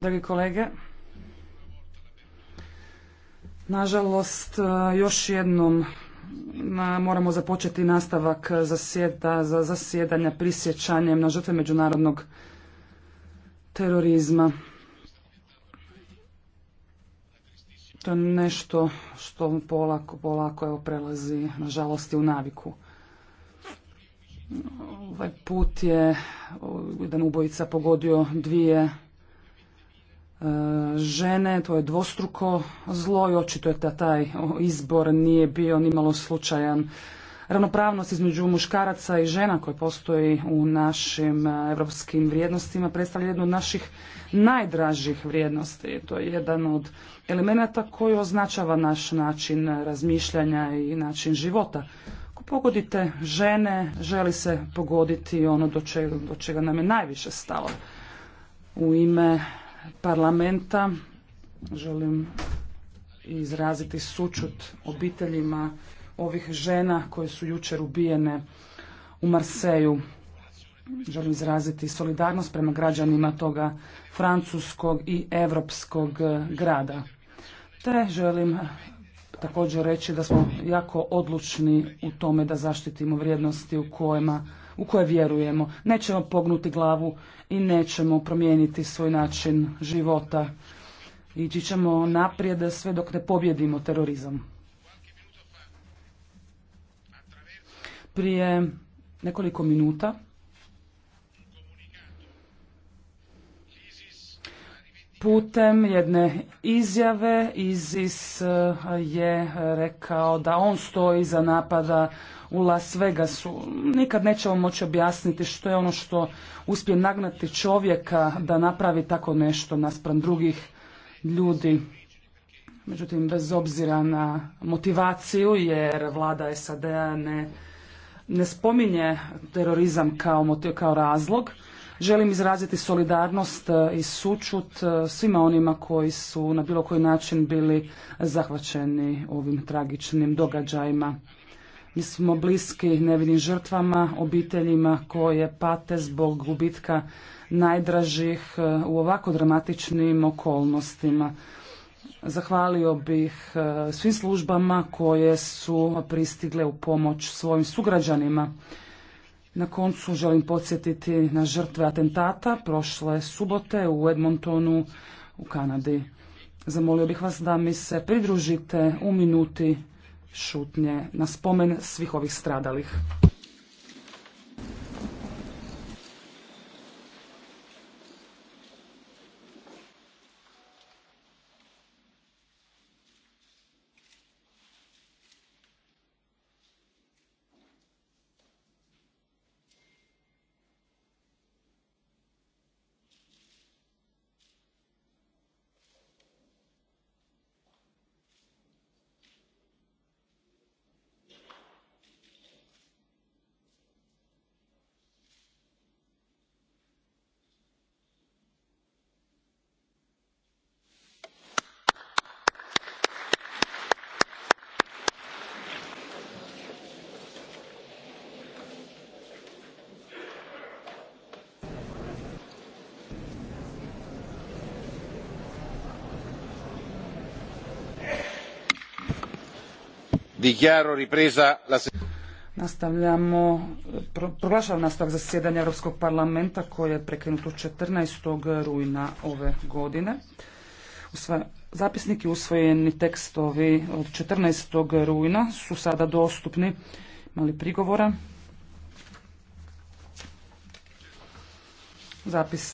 Dragi kolege, nažalost e, još jednom moramo započeti nastavak za zasjedanja prisjećanjem na žrtve međunarodnog terorizma. To je nešto što polako, polako evo prelazi nažalost i u naviku. Ovaj put je jedan ubojica pogodio dvije žene, to je dvostruko zlo i očito je da taj izbor nije bio malo slučajan. Ravnopravnost između muškaraca i žena koja postoji u našim europskim vrijednostima predstavlja jednu od naših najdražih vrijednosti. To je jedan od elemenata koji označava naš način razmišljanja i način života. Ako pogodite žene, želi se pogoditi ono do čega nam je najviše stalo. U ime parlamenta. Želim izraziti sučut obiteljima ovih žena koje su jučer ubijene u Marseju. Želim izraziti solidarnost prema građanima toga francuskog i evropskog e, grada. Te želim e, također reći da smo jako odlučni u tome da zaštitimo vrijednosti u kojima u koje vjerujemo. Nećemo pognuti glavu i nećemo promijeniti svoj način života. Ići ćemo naprijed sve dok ne pobjedimo terorizam. Prije nekoliko minuta putem jedne izjave ISIS eh, je rekao da on stoji za napada u Las Vegasu. Nikad nećemo moći objasniti što je ono što uspije nagnati čovjeka da napravi tako nešto naspram drugih ljudi. Međutim, bez obzira na motivaciju, jer vlada SAD-a ne, ne spominje terorizam kao, kao razlog, Želim izraziti solidarnost e, i sučut e, svima onima koji su na bilo koji način bili zahvaćeni ovim tragičnim događajima. Mi smo bliski nevinim žrtvama, obiteljima koje pate zbog gubitka najdražih e, u ovako dramatičnim okolnostima. Zahvalio bih svim službama koje su pristigle u pomoć svojim sugrađanima. Na koncu želim podsjetiti na žrtve atentata prošle subote u Edmontonu u Kanadi. Zamolio bih vas da mi se pridružite u minuti šutnje na spomen svih ovih stradalih. Nastavljamo, proglašavam nastavak zasjedanja Europskog parlamenta koje je prekinuto 14. rujna ove godine. Usvaj, zapisnik i usvojeni tekstovi od 14. rujna su sada dostupni. mali prigovora? Zapis